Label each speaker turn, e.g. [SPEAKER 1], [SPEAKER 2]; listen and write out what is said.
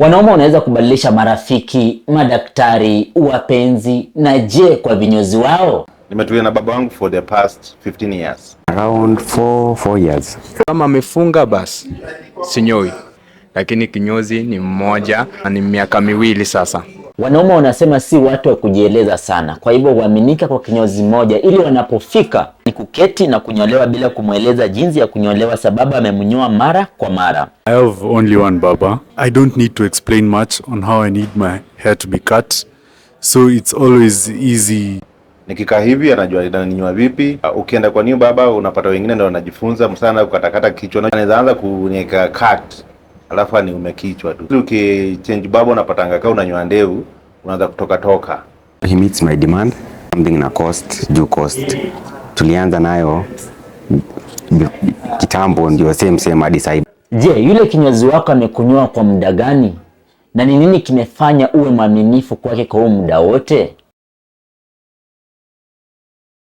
[SPEAKER 1] Wanaume wanaweza kubadilisha marafiki, madaktari, wapenzi na je, kwa vinyozi wao?
[SPEAKER 2] Nimetulia na baba wangu for the past 15 years.
[SPEAKER 3] Around 4 4 years.
[SPEAKER 4] Kama amefunga basi sinyoi, lakini kinyozi ni mmoja na ni miaka miwili sasa.
[SPEAKER 1] Wanaume wanasema si watu wa kujieleza sana, kwa hivyo huaminika kwa kinyozi moja, ili wanapofika ni kuketi na kunyolewa bila kumweleza jinsi ya kunyolewa, sababu amemnyoa mara kwa mara.
[SPEAKER 5] I have only one baba. I don't need to explain much on how I need my hair to be cut. So it's always easy.
[SPEAKER 6] Nikikaa hivi anajua inaninyoa vipi. Ukienda kwa new baba unapata wengine ndio wanajifunza sana kukatakata kichwa, anaanza kunyeka cut alafu ni umekichwa tu. Ukichange baba unapatanga kaa unanywa ndevu unaanza kutoka toka.
[SPEAKER 7] He meets my demand something na cost juu cost tulianza nayo kitambo, ndio same same hadi sasa.
[SPEAKER 1] Je, yule kinyozi wako amekunyoa kwa muda gani na ni nini kimefanya uwe mwaminifu kwake kwa huu muda wote?